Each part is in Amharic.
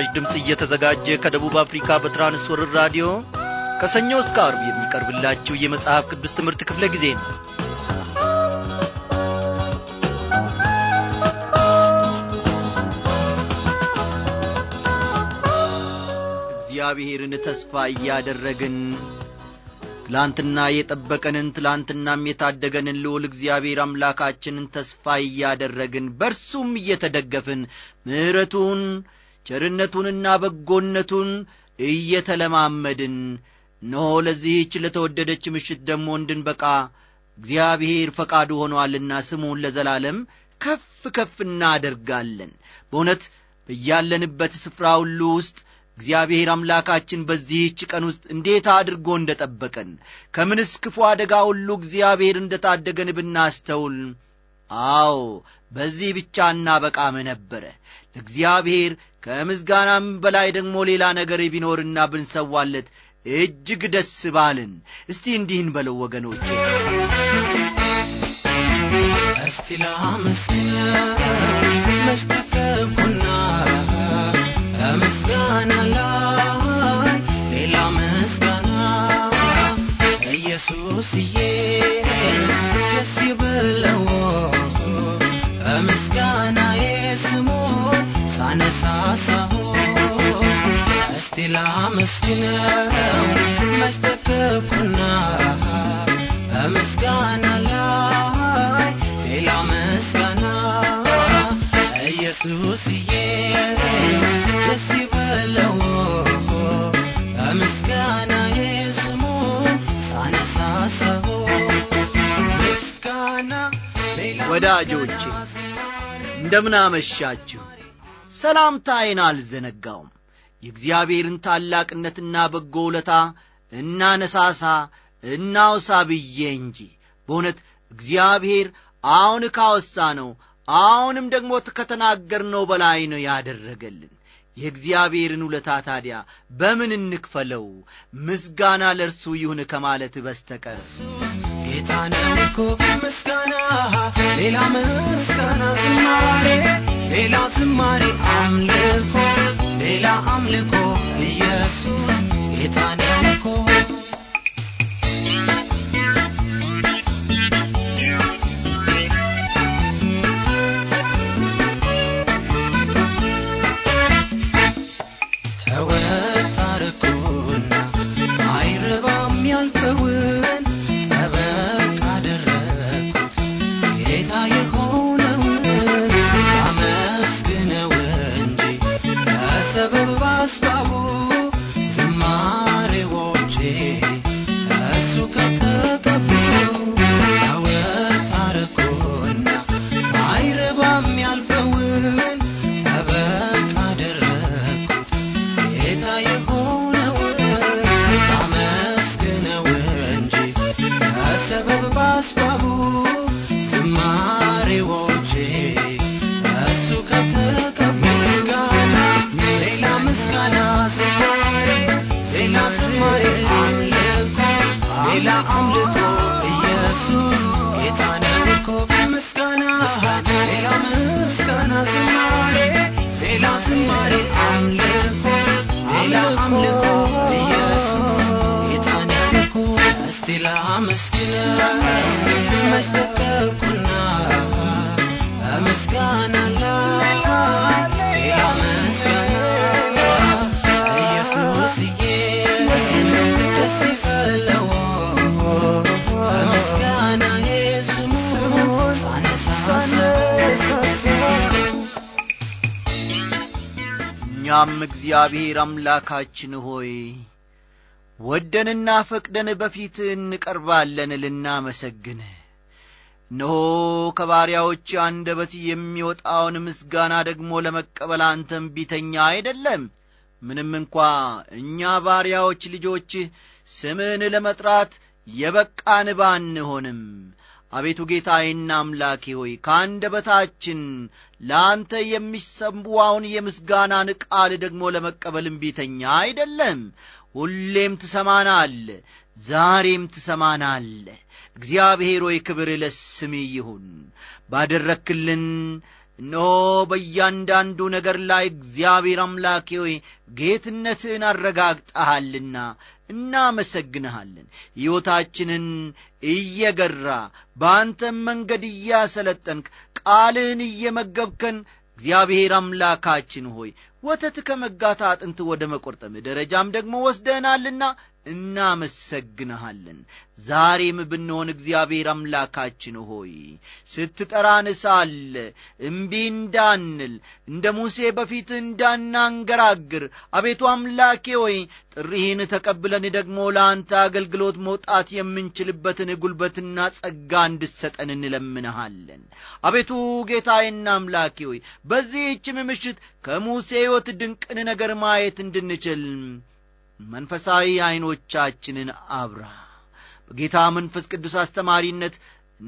ለወዳጅ ድምፅ እየተዘጋጀ ከደቡብ አፍሪካ በትራንስወርር ራዲዮ ከሰኞ እስከ አርብ የሚቀርብላችሁ የመጽሐፍ ቅዱስ ትምህርት ክፍለ ጊዜ ነው እግዚአብሔርን ተስፋ እያደረግን ትላንትና የጠበቀንን ትላንትናም የታደገንን ልዑል እግዚአብሔር አምላካችንን ተስፋ እያደረግን በርሱም እየተደገፍን ምሕረቱን ቸርነቱንና በጎነቱን እየተለማመድን እነሆ ለዚህች ለተወደደች ምሽት ደግሞ እንድንበቃ እግዚአብሔር ፈቃዱ ሆኖአልና ስሙን ለዘላለም ከፍ ከፍ እናደርጋለን በእውነት በያለንበት ስፍራ ሁሉ ውስጥ እግዚአብሔር አምላካችን በዚህች ቀን ውስጥ እንዴት አድርጎ እንደ ጠበቀን ከምንስ ክፉ አደጋ ሁሉ እግዚአብሔር እንደ ታደገን ብናስተውል አዎ በዚህ ብቻ እናበቃም ነበረ ለእግዚአብሔር ከምስጋናም በላይ ደግሞ ሌላ ነገር ቢኖርና ብንሰዋለት እጅግ ደስ ባልን። እስቲ እንዲህን በለው ወገኖች፣ እስቲ ከምስጋና ላይ ሌላ ምስጋና ኢየሱስዬ ደስ ይበለው ከምስጋና ሳነሳሳሁ እስቲ ላመስግነው መሽተተኩና በምስጋና ላይ ሌላ ምስጋና ኢየሱስዬ ደስ ይበለው በምስጋና የስሙ ምስጋና ወዳጆቼ እንደምን አመሻችሁ ሰላምታዬን አልዘነጋውም። የእግዚአብሔርን ታላቅነትና በጎ ውለታ እናነሳሳ እናውሳ ብዬ እንጂ በእውነት እግዚአብሔር አሁን ካወሳ ነው አሁንም ደግሞ ከተናገርነው በላይ ነው ያደረገልን። የእግዚአብሔርን ውለታ ታዲያ በምን እንክፈለው? ምስጋና ለእርሱ ይሁን ከማለት በስተቀር ጌታ ነው ምስጋና ሌላ ምስጋና ዝማሬ ሌላ ዝማሬ አምልኮ ሌላ አምልኮ ኢየሱስ እግዚአብሔር አምላካችን ሆይ ወደንና ፈቅደን በፊት እንቀርባለን ልናመሰግን እነሆ ከባሪያዎች አንደበት የሚወጣውን ምስጋና ደግሞ ለመቀበል አንተም ቢተኛ አይደለም ምንም እንኳ እኛ ባሪያዎች ልጆች ስምን ለመጥራት የበቃን ባንሆንም አቤቱ ጌታዬና አምላኬ ሆይ በታችን ለአንተ የሚሰማውን የምስጋናን ቃል ደግሞ ለመቀበል እምቢተኛ አይደለም። ሁሌም ትሰማናል፣ ዛሬም ትሰማናል። እግዚአብሔር ሆይ ክብር ለስምህ ይሁን ባደረክልን እነሆ በእያንዳንዱ ነገር ላይ እግዚአብሔር አምላኬ ሆይ ጌትነትህን አረጋግጠሃልና እናመሰግንሃለን። ሕይወታችንን እየገራ በአንተም መንገድ እያሰለጠንክ ቃልህን እየመገብከን እግዚአብሔር አምላካችን ሆይ ወተት ከመጋታ አጥንት ወደ መቆርጠም ደረጃም ደግሞ ወስደናልና እናመሰግንሃለን። ዛሬም ብንሆን እግዚአብሔር አምላካችን ሆይ ስትጠራን ሳለ እምቢ እንዳንል እንደ ሙሴ በፊት እንዳናንገራግር፣ አቤቱ አምላኬ ሆይ ጥሪህን ተቀብለን ደግሞ ለአንተ አገልግሎት መውጣት የምንችልበትን ጉልበትና ጸጋ እንድሰጠን እንለምንሃለን። አቤቱ ጌታዬና አምላኬ ሆይ በዚህችም ምሽት ከሙሴ በሕይወት ድንቅን ነገር ማየት እንድንችል መንፈሳዊ ዐይኖቻችንን አብራ። በጌታ መንፈስ ቅዱስ አስተማሪነት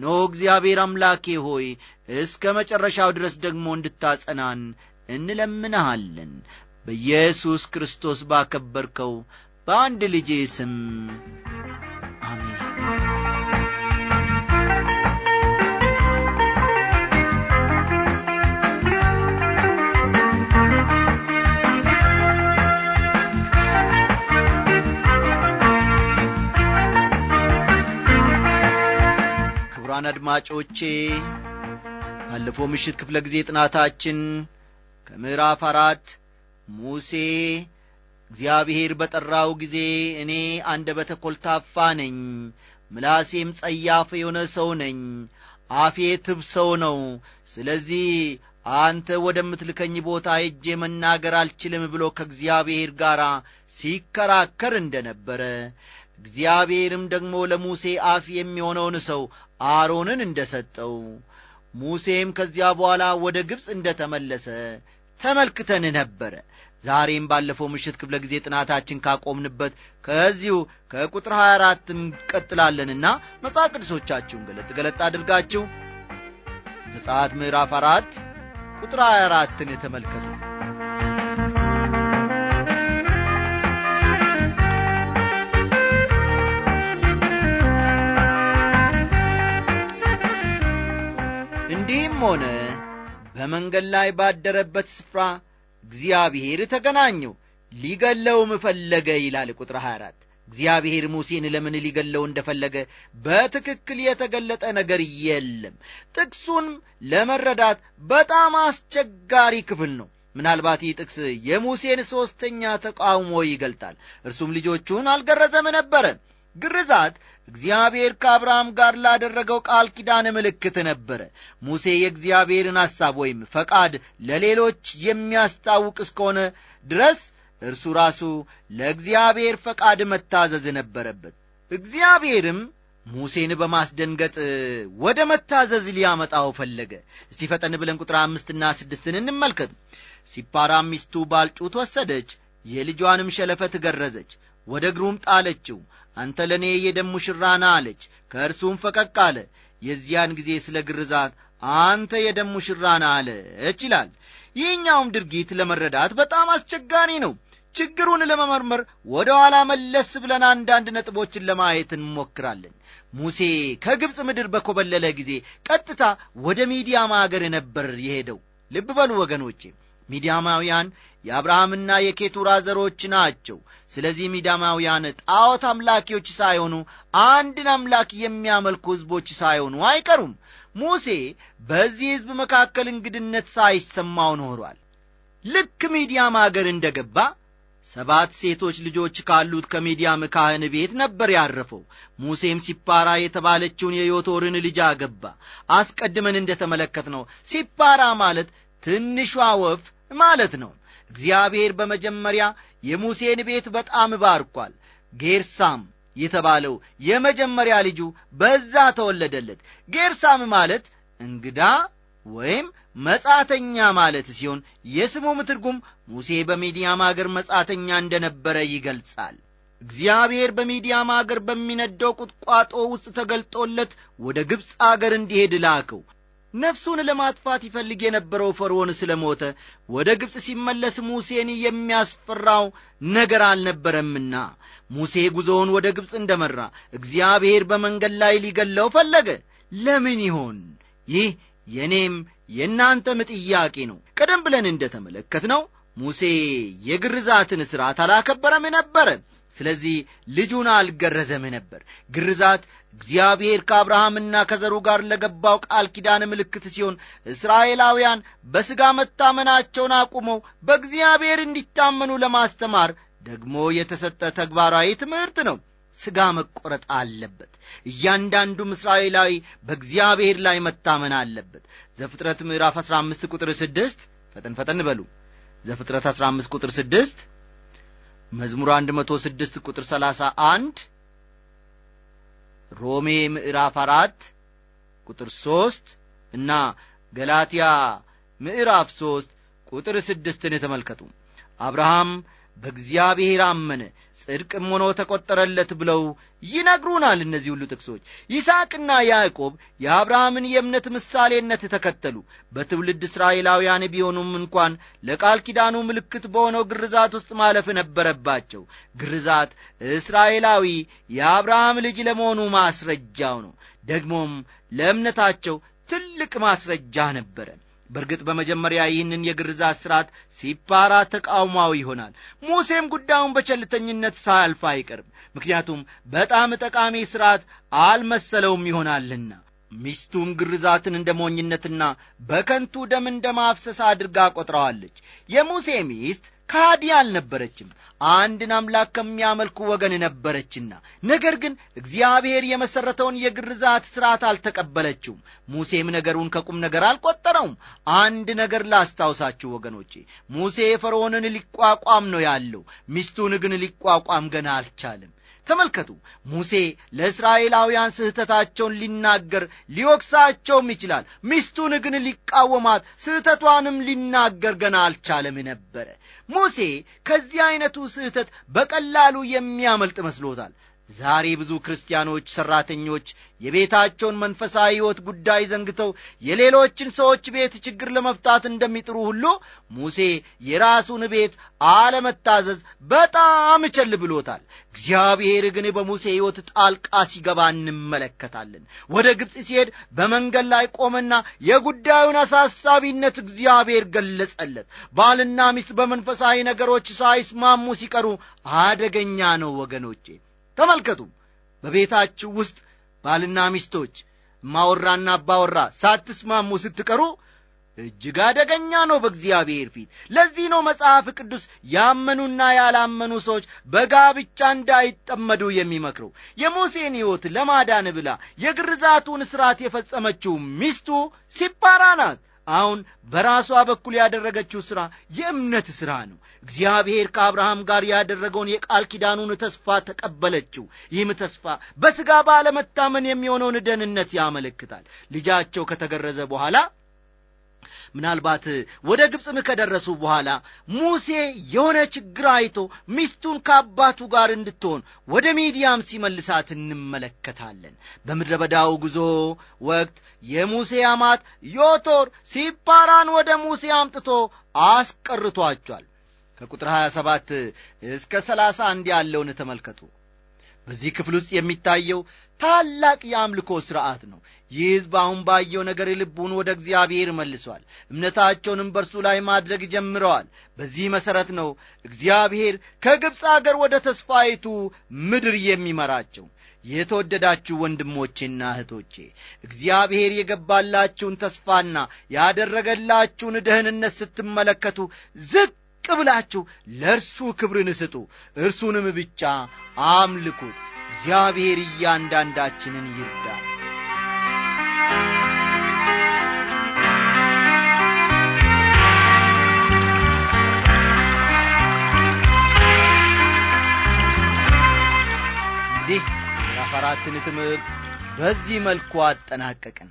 ኖ እግዚአብሔር አምላኬ ሆይ እስከ መጨረሻው ድረስ ደግሞ እንድታጸናን እንለምንሃለን በኢየሱስ ክርስቶስ ባከበርከው በአንድ ልጄ ስም ክቡራን አድማጮቼ ባለፈው ምሽት ክፍለ ጊዜ ጥናታችን ከምዕራፍ አራት ሙሴ እግዚአብሔር በጠራው ጊዜ እኔ አንደ በተኰልታፋ ነኝ፣ ምላሴም ጸያፍ የሆነ ሰው ነኝ፣ አፌ ትብ ሰው ነው። ስለዚህ አንተ ወደምትልከኝ ቦታ እጄ መናገር አልችልም ብሎ ከእግዚአብሔር ጋር ሲከራከር እንደ ነበረ እግዚአብሔርም ደግሞ ለሙሴ አፍ የሚሆነውን ሰው አሮንን እንደ ሰጠው ሙሴም ከዚያ በኋላ ወደ ግብፅ እንደ ተመለሰ ተመልክተን ነበረ ዛሬም ባለፈው ምሽት ክፍለ ጊዜ ጥናታችን ካቆምንበት ከዚሁ ከቁጥር 24 እንቀጥላለንና መጽሐፍ ቅዱሶቻችሁን ገለጥ ገለጥ አድርጋችሁ መጽሐት ምዕራፍ አራት ቁጥር 24ን ተመልከቱ ሆነ በመንገድ ላይ ባደረበት ስፍራ እግዚአብሔር ተገናኘው ሊገለውም ፈለገ ይላል ቁጥር 24 እግዚአብሔር ሙሴን ለምን ሊገለው እንደፈለገ በትክክል የተገለጠ ነገር የለም ጥቅሱን ለመረዳት በጣም አስቸጋሪ ክፍል ነው ምናልባት ይህ ጥቅስ የሙሴን ሦስተኛ ተቃውሞ ይገልጣል እርሱም ልጆቹን አልገረዘም ነበረን ግርዛት እግዚአብሔር ከአብርሃም ጋር ላደረገው ቃል ኪዳን ምልክት ነበረ። ሙሴ የእግዚአብሔርን ሐሳብ ወይም ፈቃድ ለሌሎች የሚያስታውቅ እስከሆነ ድረስ እርሱ ራሱ ለእግዚአብሔር ፈቃድ መታዘዝ ነበረበት። እግዚአብሔርም ሙሴን በማስደንገጥ ወደ መታዘዝ ሊያመጣው ፈለገ። እስቲ ፈጠን ብለን ቁጥር አምስትና ስድስትን እንመልከት። ሲፓራ ሚስቱ ባልጩት ወሰደች፣ የልጇንም ሸለፈት ገረዘች ወደ እግሩም ጣለችው። አንተ ለእኔ የደም ሽራና አለች። ከእርሱም ፈቀቅ አለ። የዚያን ጊዜ ስለ ግርዛት አንተ የደም ሽራና አለች ይላል። ይህኛውም ድርጊት ለመረዳት በጣም አስቸጋሪ ነው። ችግሩን ለመመርመር ወደ ኋላ መለስ ብለን አንዳንድ ነጥቦችን ለማየት እንሞክራለን። ሙሴ ከግብፅ ምድር በኮበለለ ጊዜ ቀጥታ ወደ ሚዲያ ማገር ነበር የሄደው። ልብ በሉ ወገኖቼ ሚዲያማውያን የአብርሃምና የኬቱራ ዘሮች ናቸው። ስለዚህ ሚዳማውያን ጣዖት አምላኪዎች ሳይሆኑ አንድን አምላክ የሚያመልኩ ሕዝቦች ሳይሆኑ አይቀሩም። ሙሴ በዚህ ሕዝብ መካከል እንግድነት ሳይሰማው ኖሯል። ልክ ሚዲያም አገር እንደ ገባ ሰባት ሴቶች ልጆች ካሉት ከሚዲያም ካህን ቤት ነበር ያረፈው። ሙሴም ሲፓራ የተባለችውን የዮቶርን ልጅ አገባ። አስቀድመን እንደ ተመለከት ነው ሲፓራ ማለት ትንሿ ወፍ ማለት ነው እግዚአብሔር በመጀመሪያ የሙሴን ቤት በጣም ባርኳል ጌርሳም የተባለው የመጀመሪያ ልጁ በዛ ተወለደለት ጌርሳም ማለት እንግዳ ወይም መጻተኛ ማለት ሲሆን የስሙም ትርጉም ሙሴ በሚዲያም አገር መጻተኛ እንደነበረ ይገልጻል እግዚአብሔር በሚዲያም አገር በሚነደው ቁጥቋጦ ውስጥ ተገልጦለት ወደ ግብፅ አገር እንዲሄድ ላከው ነፍሱን ለማጥፋት ይፈልግ የነበረው ፈርዖን ስለ ሞተ ወደ ግብፅ ሲመለስ ሙሴን የሚያስፈራው ነገር አልነበረምና ሙሴ ጉዞውን ወደ ግብፅ እንደመራ እግዚአብሔር በመንገድ ላይ ሊገለው ፈለገ። ለምን ይሆን? ይህ የእኔም የእናንተም ጥያቄ ነው። ቀደም ብለን ነው ሙሴ የግርዛትን ሥርዓት አላከበረም ነበረ። ስለዚህ ልጁን አልገረዘም ነበር። ግርዛት እግዚአብሔር ከአብርሃምና ከዘሩ ጋር ለገባው ቃል ኪዳን ምልክት ሲሆን እስራኤላውያን በሥጋ መታመናቸውን አቁመው በእግዚአብሔር እንዲታመኑ ለማስተማር ደግሞ የተሰጠ ተግባራዊ ትምህርት ነው። ሥጋ መቆረጥ አለበት። እያንዳንዱም እስራኤላዊ በእግዚአብሔር ላይ መታመን አለበት። ዘፍጥረት ምዕራፍ 15 ቁጥር 6 ፈጠን ፈጠን በሉ ዘፍጥረት 15 ቁጥር 6 መዝሙር 106 ቁጥር 31 ሮሜ ምዕራፍ 4 ቁጥር 3 እና ገላትያ ምዕራፍ 3 ቁጥር ስድስትን ተመልከቱ አብርሃም በእግዚአብሔር አመነ ጽድቅም ሆኖ ተቈጠረለት ብለው ይነግሩናል እነዚህ ሁሉ ጥቅሶች ይስቅና ያዕቆብ የአብርሃምን የእምነት ምሳሌነት ተከተሉ በትውልድ እስራኤላውያን ቢሆኑም እንኳን ለቃል ኪዳኑ ምልክት በሆነው ግርዛት ውስጥ ማለፍ ነበረባቸው ግርዛት እስራኤላዊ የአብርሃም ልጅ ለመሆኑ ማስረጃው ነው ደግሞም ለእምነታቸው ትልቅ ማስረጃ ነበረ በእርግጥ በመጀመሪያ ይህንን የግርዛት ሥርዓት ሲፓራ ተቃውሟዊ ይሆናል። ሙሴም ጉዳዩን በቸልተኝነት ሳያልፍ አይቀርም። ምክንያቱም በጣም ጠቃሚ ሥርዓት አልመሰለውም ይሆናልና ሚስቱም ግርዛትን እንደ ሞኝነትና በከንቱ ደም እንደ ማፍሰስ አድርጋ ቆጥረዋለች። የሙሴ ሚስት ካዲ አልነበረችም፣ አንድን አምላክ ከሚያመልኩ ወገን ነበረችና። ነገር ግን እግዚአብሔር የመሠረተውን የግርዛት ሥርዓት አልተቀበለችውም። ሙሴም ነገሩን ከቁም ነገር አልቈጠረውም። አንድ ነገር ላስታውሳችሁ ወገኖቼ፣ ሙሴ ፈርዖንን ሊቋቋም ነው ያለው፣ ሚስቱን ግን ሊቋቋም ገና አልቻለም። ተመልከቱ ሙሴ ለእስራኤላውያን ስህተታቸውን ሊናገር ሊወቅሳቸውም ይችላል ሚስቱን ግን ሊቃወማት ስህተቷንም ሊናገር ገና አልቻለም ነበረ ሙሴ ከዚህ ዐይነቱ ስህተት በቀላሉ የሚያመልጥ መስሎታል ዛሬ ብዙ ክርስቲያኖች ሠራተኞች የቤታቸውን መንፈሳዊ ሕይወት ጉዳይ ዘንግተው የሌሎችን ሰዎች ቤት ችግር ለመፍታት እንደሚጥሩ ሁሉ ሙሴ የራሱን ቤት አለመታዘዝ በጣም እቸል ብሎታል። እግዚአብሔር ግን በሙሴ ሕይወት ጣልቃ ሲገባ እንመለከታለን። ወደ ግብፅ ሲሄድ በመንገድ ላይ ቆመና የጉዳዩን አሳሳቢነት እግዚአብሔር ገለጸለት። ባልና ሚስት በመንፈሳዊ ነገሮች ሳይስማሙ ሲቀሩ አደገኛ ነው ወገኖቼ ተመልከቱ በቤታችሁ ውስጥ ባልና ሚስቶች ማወራና አባወራ ሳትስማሙ ስትቀሩ እጅግ አደገኛ ነው በእግዚአብሔር ፊት ለዚህ ነው መጽሐፍ ቅዱስ ያመኑና ያላመኑ ሰዎች በጋብቻ እንዳይጠመዱ የሚመክረው የሙሴን ሕይወት ለማዳን ብላ የግርዛቱን ሥርዓት የፈጸመችው ሚስቱ ሲፓራ ናት አሁን በራሷ በኩል ያደረገችው ሥራ የእምነት ሥራ ነው። እግዚአብሔር ከአብርሃም ጋር ያደረገውን የቃል ኪዳኑን ተስፋ ተቀበለችው። ይህም ተስፋ በሥጋ ባለመታመን የሚሆነውን ደህንነት ያመለክታል። ልጃቸው ከተገረዘ በኋላ ምናልባት ወደ ግብፅም ከደረሱ በኋላ ሙሴ የሆነ ችግር አይቶ ሚስቱን ከአባቱ ጋር እንድትሆን ወደ ሚዲያም ሲመልሳት እንመለከታለን። በምድረ በዳው ጉዞ ወቅት የሙሴ አማት ዮቶር ሲፓራን ወደ ሙሴ አምጥቶ አስቀርቷቸዋል። ከቁጥር 27 እስከ 31 ያለውን ተመልከቱ። በዚህ ክፍል ውስጥ የሚታየው ታላቅ የአምልኮ ሥርዓት ነው ይህ ሕዝብ አሁን ባየው ነገር ልቡን ወደ እግዚአብሔር መልሷል እምነታቸውንም በእርሱ ላይ ማድረግ ጀምረዋል በዚህ መሠረት ነው እግዚአብሔር ከግብፅ አገር ወደ ተስፋይቱ ምድር የሚመራቸው የተወደዳችሁ ወንድሞቼና እህቶቼ እግዚአብሔር የገባላችሁን ተስፋና ያደረገላችሁን ደህንነት ስትመለከቱ ዝቅ ብላችሁ ለእርሱ ክብርን ስጡ፣ እርሱንም ብቻ አምልኩት። እግዚአብሔር እያንዳንዳችንን ይርዳል። እንግዲህ አራትን ትምህርት በዚህ መልኩ አጠናቀቅን።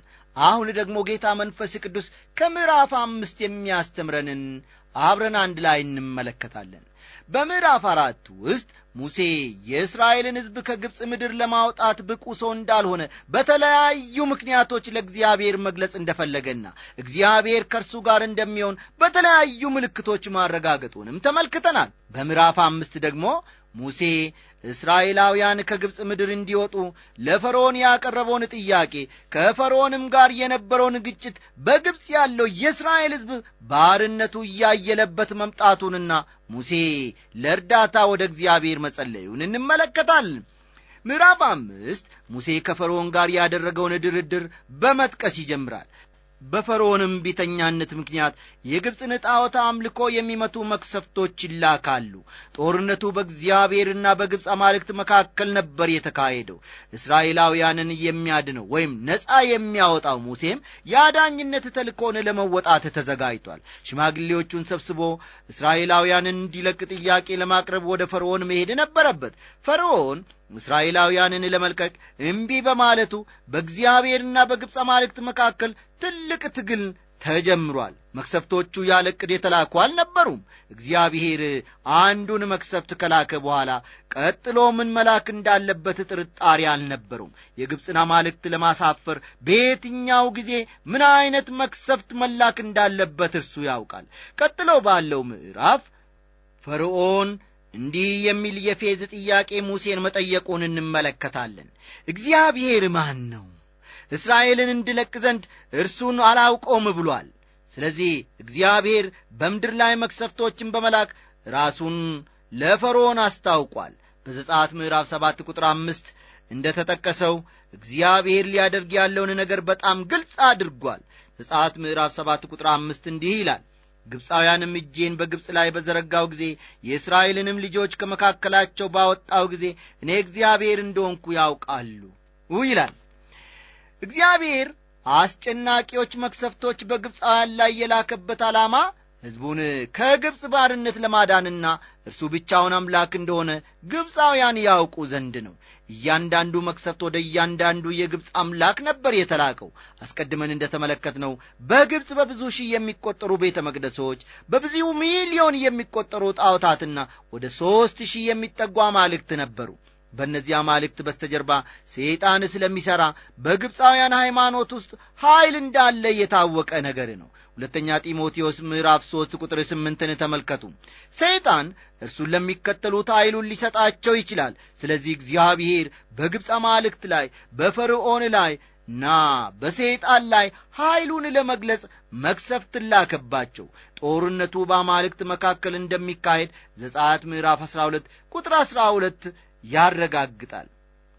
አሁን ደግሞ ጌታ መንፈስ ቅዱስ ከምዕራፍ አምስት የሚያስተምረንን አብረን አንድ ላይ እንመለከታለን። በምዕራፍ አራት ውስጥ ሙሴ የእስራኤልን ሕዝብ ከግብፅ ምድር ለማውጣት ብቁ ሰው እንዳልሆነ በተለያዩ ምክንያቶች ለእግዚአብሔር መግለጽ እንደፈለገና እግዚአብሔር ከእርሱ ጋር እንደሚሆን በተለያዩ ምልክቶች ማረጋገጡንም ተመልክተናል። በምዕራፍ አምስት ደግሞ ሙሴ እስራኤላውያን ከግብፅ ምድር እንዲወጡ ለፈርዖን ያቀረበውን ጥያቄ ከፈርዖንም ጋር የነበረውን ግጭት በግብፅ ያለው የእስራኤል ሕዝብ ባርነቱ እያየለበት መምጣቱንና ሙሴ ለእርዳታ ወደ እግዚአብሔር መጸለዩን እንመለከታል ምዕራፍ አምስት ሙሴ ከፈርዖን ጋር ያደረገውን ድርድር በመጥቀስ ይጀምራል በፈርዖንም ቢተኛነት ምክንያት የግብፅን ጣዖት አምልኮ የሚመቱ መክሰፍቶች ይላካሉ። ጦርነቱ በእግዚአብሔርና በግብፅ አማልክት መካከል ነበር የተካሄደው። እስራኤላውያንን የሚያድነው ወይም ነፃ የሚያወጣው ሙሴም የአዳኝነት ተልኮን ለመወጣት ተዘጋጅቷል። ሽማግሌዎቹን ሰብስቦ እስራኤላውያንን እንዲለቅ ጥያቄ ለማቅረብ ወደ ፈርዖን መሄድ ነበረበት። ፈርዖን እስራኤላውያንን ለመልቀቅ እምቢ በማለቱ በእግዚአብሔርና በግብፅ አማልክት መካከል ትልቅ ትግል ተጀምሯል። መክሰፍቶቹ ያለ ዕቅድ የተላኩ አልነበሩም። እግዚአብሔር አንዱን መክሰፍት ከላከ በኋላ ቀጥሎ ምን መላክ እንዳለበት ጥርጣሬ አልነበሩም። የግብፅን አማልክት ለማሳፈር በየትኛው ጊዜ ምን አይነት መክሰፍት መላክ እንዳለበት እሱ ያውቃል። ቀጥሎ ባለው ምዕራፍ ፈርዖን እንዲህ የሚል የፌዝ ጥያቄ ሙሴን መጠየቁን እንመለከታለን። እግዚአብሔር ማን ነው? እስራኤልን እንድለቅ ዘንድ እርሱን አላውቀውም ብሏል ስለዚህ እግዚአብሔር በምድር ላይ መክሰፍቶችን በመላክ ራሱን ለፈርዖን አስታውቋል በዘጻት ምዕራፍ ሰባት ቁጥር 5 እንደ ተጠቀሰው እግዚአብሔር ሊያደርግ ያለውን ነገር በጣም ግልጽ አድርጓል ዘጻት ምዕራፍ ሰባት ቁጥር 5 እንዲህ ይላል ግብፃውያንም እጄን በግብፅ ላይ በዘረጋው ጊዜ የእስራኤልንም ልጆች ከመካከላቸው ባወጣው ጊዜ እኔ እግዚአብሔር እንደሆንኩ ያውቃሉ ይላል እግዚአብሔር አስጨናቂዎች መክሰፍቶች በግብፃውያን ላይ የላከበት ዓላማ ሕዝቡን ከግብፅ ባርነት ለማዳንና እርሱ ብቻውን አምላክ እንደሆነ ግብፃውያን ያውቁ ዘንድ ነው። እያንዳንዱ መክሰፍት ወደ እያንዳንዱ የግብፅ አምላክ ነበር የተላቀው አስቀድመን እንደተመለከትነው በግብፅ በብዙ ሺህ የሚቆጠሩ ቤተ መቅደሶች፣ በብዙ ሚሊዮን የሚቆጠሩ ጣዖታትና ወደ ሦስት ሺህ የሚጠጉ አማልክት ነበሩ። በእነዚህ አማልክት በስተጀርባ ሰይጣን ስለሚሠራ በግብፃውያን ሃይማኖት ውስጥ ኀይል እንዳለ የታወቀ ነገር ነው ሁለተኛ ጢሞቴዎስ ምዕራፍ 3 ቁጥር 8ን ተመልከቱ ሰይጣን እርሱን ለሚከተሉት ኃይሉን ሊሰጣቸው ይችላል ስለዚህ እግዚአብሔር በግብፅ አማልክት ላይ በፈርዖን ላይ ና በሰይጣን ላይ ኃይሉን ለመግለጽ መክሰፍት ላከባቸው ጦርነቱ በአማልክት መካከል እንደሚካሄድ ዘጻት ምዕራፍ 12 ቁጥር 12 ያረጋግጣል።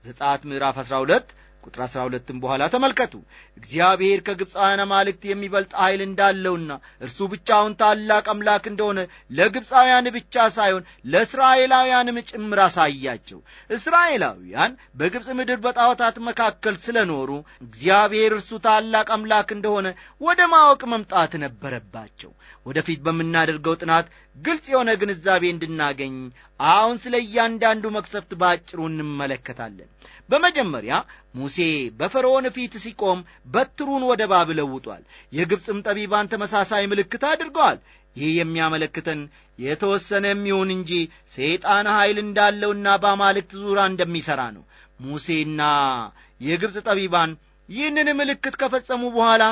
ዘጸአት ምዕራፍ 12 ቁጥር አሥራ ሁለትም በኋላ ተመልከቱ እግዚአብሔር ከግብፃውያን አማልክት የሚበልጥ ኃይል እንዳለውና እርሱ ብቻውን ታላቅ አምላክ እንደሆነ ለግብፃውያን ብቻ ሳይሆን ለእስራኤላውያንም ጭምር አሳያቸው እስራኤላውያን በግብፅ ምድር በጣዖታት መካከል ስለኖሩ እግዚአብሔር እርሱ ታላቅ አምላክ እንደሆነ ወደ ማወቅ መምጣት ነበረባቸው ወደፊት በምናደርገው ጥናት ግልጽ የሆነ ግንዛቤ እንድናገኝ አሁን ስለ እያንዳንዱ መቅሰፍት ባጭሩ እንመለከታለን በመጀመሪያ ሙሴ በፈርዖን ፊት ሲቆም በትሩን ወደ ባብ ለውጧል። የግብፅም ጠቢባን ተመሳሳይ ምልክት አድርገዋል። ይህ የሚያመለክተን የተወሰነ የሚሆን እንጂ ሰይጣን ኃይል እንዳለውና በአማልክት ዙራ እንደሚሠራ ነው። ሙሴና የግብፅ ጠቢባን ይህንን ምልክት ከፈጸሙ በኋላ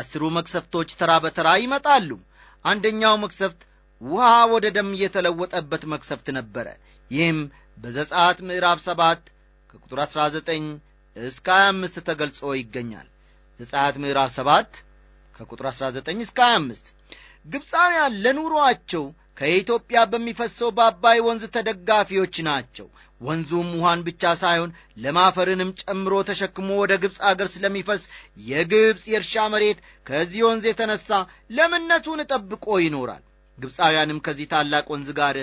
አስሩ መቅሰፍቶች ተራ በተራ ይመጣሉ። አንደኛው መቅሰፍት ውሃ ወደ ደም የተለወጠበት መቅሰፍት ነበረ። ይህም በዘጸአት ምዕራፍ ሰባት ከቁጥር 19 እስከ 25 ተገልጾ ይገኛል። ዘጸአት ምዕራፍ 7 ከቁጥር 19 እስከ 25 ግብፃውያን ለኑሮአቸው ከኢትዮጵያ በሚፈሰው በአባይ ወንዝ ተደጋፊዎች ናቸው። ወንዙም ውሃን ብቻ ሳይሆን ለማፈርንም ጨምሮ ተሸክሞ ወደ ግብፅ አገር ስለሚፈስ የግብፅ የእርሻ መሬት ከዚህ ወንዝ የተነሳ ለምነቱን ጠብቆ ይኖራል። ግብፃውያንም ከዚህ ታላቅ ወንዝ ጋር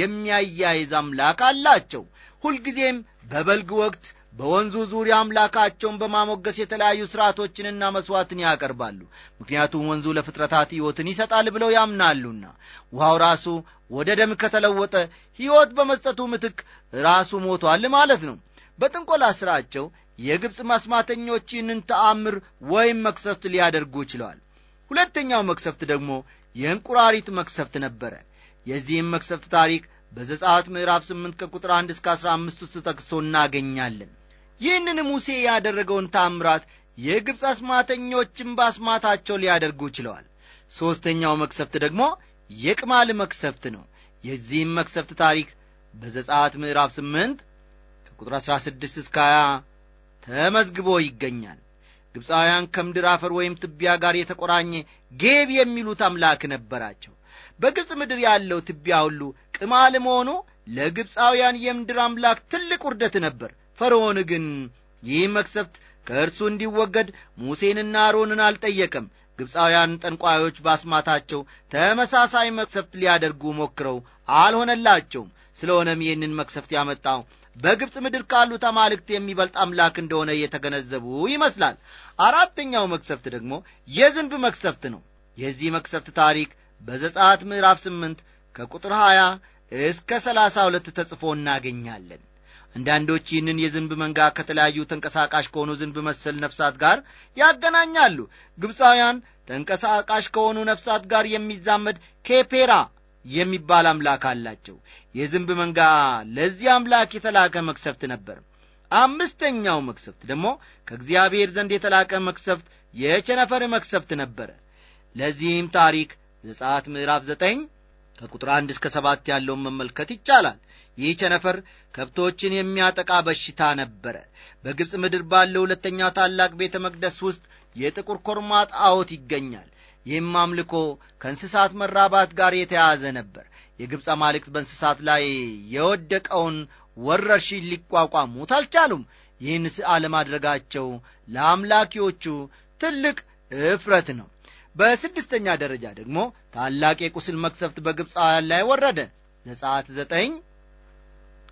የሚያያይዝ አምላክ አላቸው። ሁልጊዜም በበልግ ወቅት በወንዙ ዙሪያ አምላካቸውን በማሞገስ የተለያዩ ሥርዓቶችንና መሥዋዕትን ያቀርባሉ ምክንያቱም ወንዙ ለፍጥረታት ሕይወትን ይሰጣል ብለው ያምናሉና ውሃው ራሱ ወደ ደም ከተለወጠ ሕይወት በመስጠቱ ምትክ ራሱ ሞቷል ማለት ነው በጥንቆላ ሥራቸው የግብፅ ማስማተኞች ይህንን ተአምር ወይም መክሰፍት ሊያደርጉ ችለዋል ሁለተኛው መክሰፍት ደግሞ የእንቁራሪት መክሰፍት ነበረ የዚህም መክሰፍት ታሪክ በዘጸአት ምዕራፍ 8 ከቁጥር 1 እስከ 15 ውስጥ ተጠቅሶ እናገኛለን። ይህንን ሙሴ ያደረገውን ታምራት የግብፅ አስማተኞችን በአስማታቸው ሊያደርጉ ችለዋል። ሦስተኛው መክሰፍት ደግሞ የቅማል መክሰፍት ነው። የዚህም መክሰፍት ታሪክ በዘጸአት ምዕራፍ 8 ከቁጥር 16 እስከ 20 ተመዝግቦ ይገኛል። ግብፃውያን ከምድር አፈር ወይም ትቢያ ጋር የተቆራኘ ጌብ የሚሉት አምላክ ነበራቸው። በግብፅ ምድር ያለው ትቢያ ሁሉ ቅማል መሆኑ ለግብፃውያን የምድር አምላክ ትልቅ ውርደት ነበር ፈርዖን ግን ይህ መክሰፍት ከእርሱ እንዲወገድ ሙሴንና አሮንን አልጠየቀም ግብፃውያን ጠንቋዮች ባስማታቸው ተመሳሳይ መክሰፍት ሊያደርጉ ሞክረው አልሆነላቸውም ስለሆነም ይህንን መክሰፍት ያመጣው በግብፅ ምድር ካሉት አማልክት የሚበልጥ አምላክ እንደሆነ እየተገነዘቡ ይመስላል አራተኛው መክሰፍት ደግሞ የዝንብ መክሰፍት ነው የዚህ መክሰፍት ታሪክ በዘጻት ምዕራፍ ስምንት ከቁጥር 20 እስከ 32 ተጽፎ እናገኛለን። አንዳንዶች ይህንን የዝንብ መንጋ ከተለያዩ ተንቀሳቃሽ ከሆኑ ዝንብ መሰል ነፍሳት ጋር ያገናኛሉ። ግብፃውያን ተንቀሳቃሽ ከሆኑ ነፍሳት ጋር የሚዛመድ ኬፔራ የሚባል አምላክ አላቸው። የዝንብ መንጋ ለዚህ አምላክ የተላከ መክሰፍት ነበር። አምስተኛው መክሰፍት ደግሞ ከእግዚአብሔር ዘንድ የተላከ መክሰፍት የቸነፈር መክሰፍት ነበረ። ለዚህም ታሪክ ዘጸአት ምዕራፍ ዘጠኝ ከቁጥር አንድ እስከ ሰባት ያለውን መመልከት ይቻላል። ይህ ቸነፈር ከብቶችን የሚያጠቃ በሽታ ነበረ። በግብፅ ምድር ባለው ሁለተኛ ታላቅ ቤተ መቅደስ ውስጥ የጥቁር ኮርማ ጣዖት ይገኛል። ይህም አምልኮ ከእንስሳት መራባት ጋር የተያዘ ነበር። የግብፅ አማልክት በእንስሳት ላይ የወደቀውን ወረርሽኝ ሊቋቋሙት አልቻሉም። ይህን አለማድረጋቸው ለአምላኪዎቹ ትልቅ እፍረት ነው። በስድስተኛ ደረጃ ደግሞ ታላቅ የቁስል መክሰፍት በግብፃውያን ላይ ወረደ ዘጸአት ዘጠኝ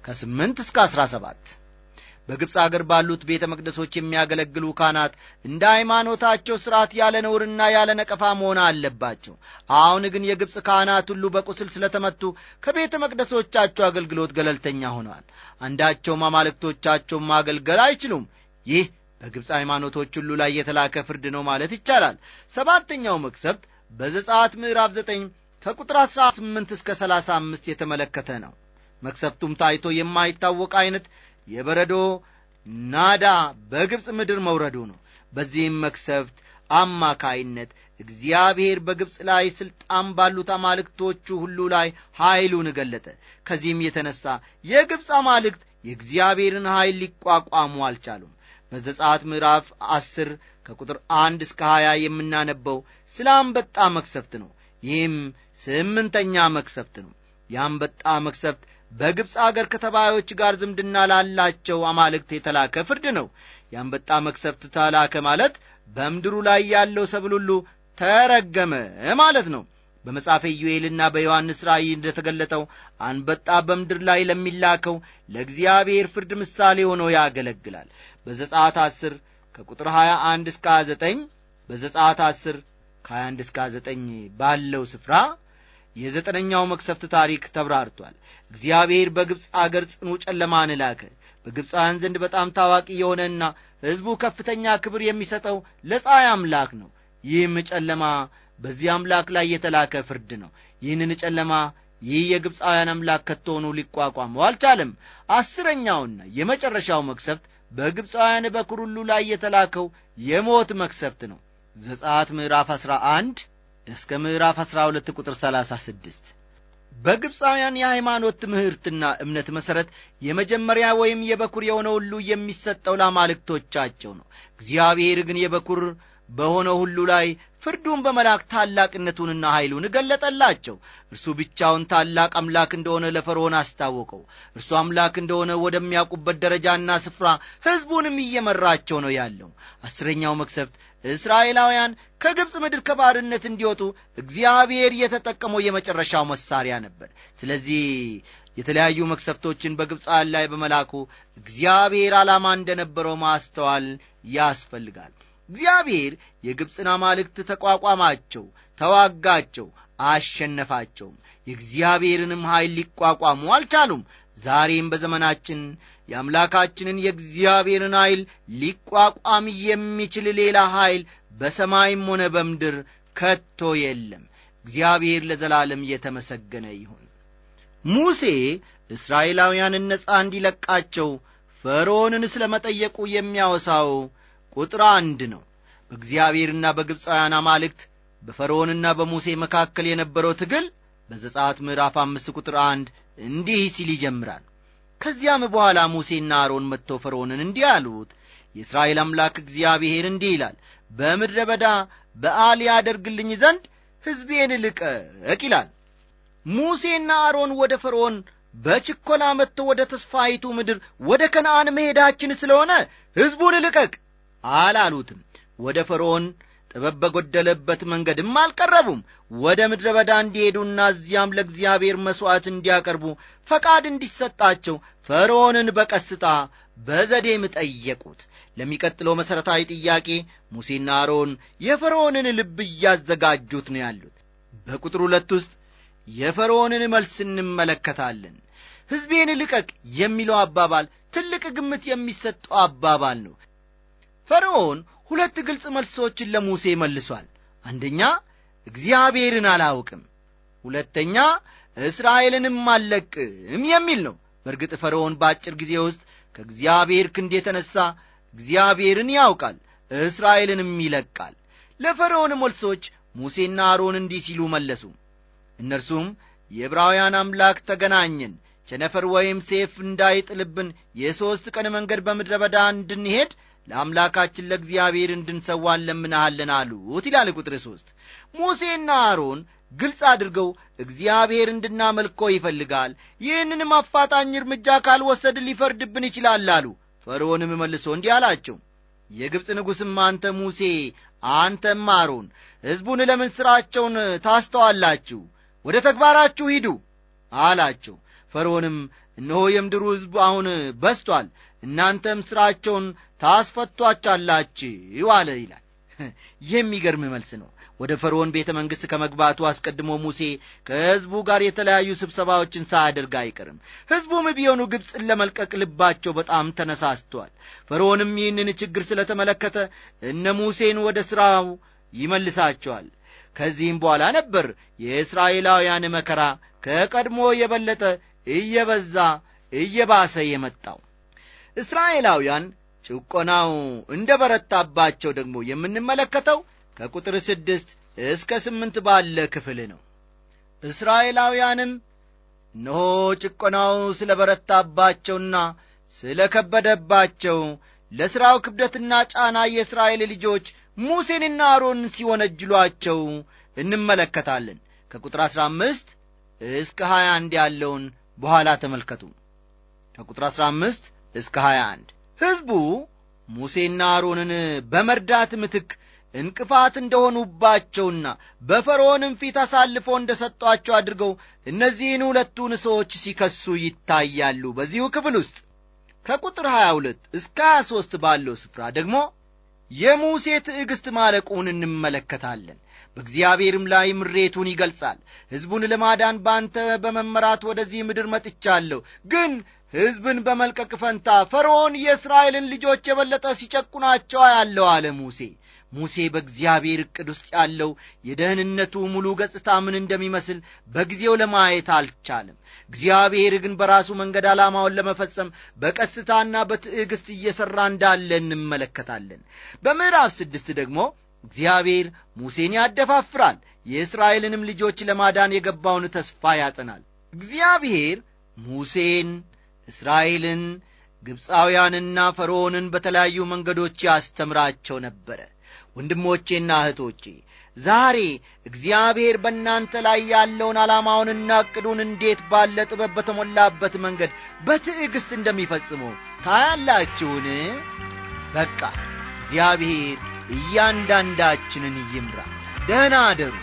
ከስምንት እስከ አስራ ሰባት በግብፅ አገር ባሉት ቤተ መቅደሶች የሚያገለግሉ ካህናት እንደ ሃይማኖታቸው ሥርዓት ያለ ነውርና ያለ ነቀፋ መሆን አለባቸው አሁን ግን የግብፅ ካህናት ሁሉ በቁስል ስለተመቱ ከቤተ መቅደሶቻቸው አገልግሎት ገለልተኛ ሆነዋል አንዳቸውም አማልክቶቻቸውም ማገልገል አይችሉም ይህ በግብፅ ሃይማኖቶች ሁሉ ላይ የተላከ ፍርድ ነው ማለት ይቻላል ሰባተኛው መቅሰፍት በዘጻት ምዕራፍ ዘጠኝ ከቁጥር 18 እስከ 35 የተመለከተ ነው መቅሰፍቱም ታይቶ የማይታወቅ ዐይነት የበረዶ ናዳ በግብፅ ምድር መውረዱ ነው በዚህም መቅሰፍት አማካይነት እግዚአብሔር በግብፅ ላይ ሥልጣን ባሉት አማልክቶቹ ሁሉ ላይ ኀይሉን ገለጠ ከዚህም የተነሣ የግብፅ አማልክት የእግዚአብሔርን ኀይል ሊቋቋሙ አልቻሉም በዘጻት ምዕራፍ አስር ከቁጥር አንድ እስከ ሀያ የምናነበው ስለ አንበጣ መክሰፍት ነው። ይህም ስምንተኛ መክሰፍት ነው። የአንበጣ መክሰፍት በግብፅ አገር ከተባዮች ጋር ዝምድና ላላቸው አማልክት የተላከ ፍርድ ነው። የአንበጣ መክሰፍት ተላከ ማለት በምድሩ ላይ ያለው ሰብል ሁሉ ተረገመ ማለት ነው። በመጽሐፈ ኢዩኤልና በዮሐንስ ራእይ ተገለጠው አንበጣ በምድር ላይ ለሚላከው ለእግዚአብሔር ፍርድ ምሳሌ ሆኖ ያገለግላል። በዘጸአት 10 ከቁጥር 21 እስከ 29 በዘጸአት 10 ከ21 እስከ 29 ባለው ስፍራ የዘጠነኛው መቅሰፍት ታሪክ ተብራርቷል። እግዚአብሔር በግብፅ አገር ጽኑ ጨለማን ላከ። በግብፃውያን ዘንድ በጣም ታዋቂ የሆነና ሕዝቡ ከፍተኛ ክብር የሚሰጠው ለፀሐይ አምላክ ነው። ይህም ጨለማ በዚህ አምላክ ላይ የተላከ ፍርድ ነው። ይህንን ጨለማ ይህ የግብፃውያን አምላክ ከቶሆኑ ሊቋቋመው አልቻለም። አስረኛውና የመጨረሻው መቅሰፍት በግብፃውያን በኩር ሁሉ ላይ የተላከው የሞት መክሰፍት ነው ዘጻት ምዕራፍ 11 እስከ ምዕራፍ 12 ቁጥር 36 በግብፃውያን የሃይማኖት ትምህርትና እምነት መሠረት የመጀመሪያ ወይም የበኩር የሆነ ሁሉ የሚሰጠው ላማልክቶቻቸው ነው እግዚአብሔር ግን የበኩር በሆነ ሁሉ ላይ ፍርዱን በመላክ ታላቅነቱንና ኃይሉን እገለጠላቸው። እርሱ ብቻውን ታላቅ አምላክ እንደሆነ ለፈርዖን አስታወቀው። እርሱ አምላክ እንደሆነ ወደሚያውቁበት ደረጃና ስፍራ ሕዝቡንም እየመራቸው ነው ያለው። አስረኛው መክሰፍት እስራኤላውያን ከግብፅ ምድር ከባርነት እንዲወጡ እግዚአብሔር የተጠቀመው የመጨረሻው መሳሪያ ነበር። ስለዚህ የተለያዩ መክሰፍቶችን በግብፃን ላይ በመላኩ እግዚአብሔር ዓላማ እንደነበረው ማስተዋል ያስፈልጋል። እግዚአብሔር የግብፅን አማልክት ተቋቋማቸው፣ ተዋጋቸው፣ አሸነፋቸውም። የእግዚአብሔርንም ኃይል ሊቋቋሙ አልቻሉም። ዛሬም በዘመናችን የአምላካችንን የእግዚአብሔርን ኃይል ሊቋቋም የሚችል ሌላ ኃይል በሰማይም ሆነ በምድር ከቶ የለም። እግዚአብሔር ለዘላለም እየተመሰገነ ይሁን። ሙሴ እስራኤላውያንን ነፃ እንዲለቃቸው ፈርዖንን ስለ መጠየቁ የሚያወሳው ቁጥር አንድ ነው በእግዚአብሔርና በግብፃውያን አማልክት በፈርዖንና በሙሴ መካከል የነበረው ትግል በዘጻት ምዕራፍ አምስት ቁጥር አንድ እንዲህ ሲል ይጀምራል ከዚያም በኋላ ሙሴና አሮን መጥተው ፈርዖንን እንዲህ አሉት የእስራኤል አምላክ እግዚአብሔር እንዲህ ይላል በምድረ በዳ በአል ያደርግልኝ ዘንድ ሕዝቤን ልቀቅ ይላል ሙሴና አሮን ወደ ፈርዖን በችኮላ መጥቶ ወደ ተስፋይቱ ምድር ወደ ከነአን መሄዳችን ስለሆነ ሕዝቡን ልቀቅ አላሉትም። ወደ ፈርዖን ጥበብ በጎደለበት መንገድም አልቀረቡም። ወደ ምድረ በዳ እንዲሄዱና እዚያም ለእግዚአብሔር መሥዋዕት እንዲያቀርቡ ፈቃድ እንዲሰጣቸው ፈርዖንን በቀስታ በዘዴም ጠየቁት። ለሚቀጥለው መሠረታዊ ጥያቄ ሙሴና አሮን የፈርዖንን ልብ እያዘጋጁት ነው ያሉት። በቁጥር ሁለት ውስጥ የፈርዖንን መልስ እንመለከታለን። ሕዝቤን ልቀቅ የሚለው አባባል ትልቅ ግምት የሚሰጠው አባባል ነው። ፈርዖን ሁለት ግልጽ መልሶችን ለሙሴ መልሷል። አንደኛ እግዚአብሔርን አላውቅም፣ ሁለተኛ እስራኤልንም አለቅም የሚል ነው። በእርግጥ ፈርዖን በአጭር ጊዜ ውስጥ ከእግዚአብሔር ክንድ የተነሣ እግዚአብሔርን ያውቃል፣ እስራኤልንም ይለቃል። ለፈርዖን መልሶች ሙሴና አሮን እንዲህ ሲሉ መለሱ። እነርሱም የዕብራውያን አምላክ ተገናኘን፣ ቸነፈር ወይም ሴፍ እንዳይጥልብን የሦስት ቀን መንገድ በምድረ በዳ እንድንሄድ ለአምላካችን ለእግዚአብሔር እንድንሰዋ ለምናሃለን አሉት ይላል ቁጥር ሦስት ሙሴና አሮን ግልጽ አድርገው እግዚአብሔር እንድናመልኮ ይፈልጋል፣ ይህንንም አፋጣኝ እርምጃ ካልወሰድ ሊፈርድብን ይችላል አሉ። ፈርዖንም መልሶ እንዲህ አላቸው፣ የግብፅ ንጉሥም አንተ ሙሴ አንተም አሮን ሕዝቡን ለምን ሥራቸውን ታስተዋላችሁ? ወደ ተግባራችሁ ሂዱ አላቸው። ፈርዖንም እነሆ የምድሩ ሕዝብ አሁን በስቷል፣ እናንተም ሥራቸውን ታስፈቷቻላችሁ አለ ይላል። ይህ የሚገርም መልስ ነው። ወደ ፈርዖን ቤተ መንግሥት ከመግባቱ አስቀድሞ ሙሴ ከሕዝቡ ጋር የተለያዩ ስብሰባዎችን ሳያደርግ አይቀርም። ሕዝቡም ቢሆኑ ግብፅን ለመልቀቅ ልባቸው በጣም ተነሳስቷል። ፈርዖንም ይህንን ችግር ስለተመለከተ እነ ሙሴን ወደ ሥራው ይመልሳቸዋል። ከዚህም በኋላ ነበር የእስራኤላውያን መከራ ከቀድሞ የበለጠ እየበዛ እየባሰ የመጣው። እስራኤላውያን ጭቆናው እንደ በረታባቸው ደግሞ የምንመለከተው ከቁጥር ስድስት እስከ ስምንት ባለ ክፍል ነው እስራኤላውያንም እነሆ ጭቆናው ስለ በረታባቸውና ስለ ከበደባቸው ለሥራው ክብደትና ጫና የእስራኤል ልጆች ሙሴንና አሮን ሲወነጅሏቸው እንመለከታለን ከቁጥር 15 እስከ 21 ያለውን በኋላ ተመልከቱ ከቁጥር 15 እስከ 21 ሕዝቡ ሙሴና አሮንን በመርዳት ምትክ እንቅፋት እንደሆኑባቸውና በፈርዖንም ፊት አሳልፎ እንደ ሰጧቸው አድርገው እነዚህን ሁለቱን ሰዎች ሲከሱ ይታያሉ። በዚሁ ክፍል ውስጥ ከቁጥር 22 እስከ 23 ባለው ስፍራ ደግሞ የሙሴ ትዕግሥት ማለቁን እንመለከታለን። በእግዚአብሔርም ላይ ምሬቱን ይገልጻል። ሕዝቡን ለማዳን ባንተ በመመራት ወደዚህ ምድር መጥቻለሁ፣ ግን ሕዝብን በመልቀቅ ፈንታ ፈርዖን የእስራኤልን ልጆች የበለጠ ሲጨቁናቸው ያለው አለ ሙሴ። ሙሴ በእግዚአብሔር ዕቅድ ውስጥ ያለው የደህንነቱ ሙሉ ገጽታ ምን እንደሚመስል በጊዜው ለማየት አልቻለም። እግዚአብሔር ግን በራሱ መንገድ ዓላማውን ለመፈጸም በቀስታና በትዕግሥት እየሠራ እንዳለ እንመለከታለን። በምዕራፍ ስድስት ደግሞ እግዚአብሔር ሙሴን ያደፋፍራል፣ የእስራኤልንም ልጆች ለማዳን የገባውን ተስፋ ያጸናል። እግዚአብሔር ሙሴን እስራኤልን ግብፃውያንና ፈርዖንን በተለያዩ መንገዶች ያስተምራቸው ነበረ ወንድሞቼና እህቶቼ ዛሬ እግዚአብሔር በእናንተ ላይ ያለውን ዓላማውንና ዕቅዱን እንዴት ባለ ጥበብ በተሞላበት መንገድ በትዕግሥት እንደሚፈጽመው ታያላችሁን በቃ እግዚአብሔር እያንዳንዳችንን ይምራ ደህና አደሩ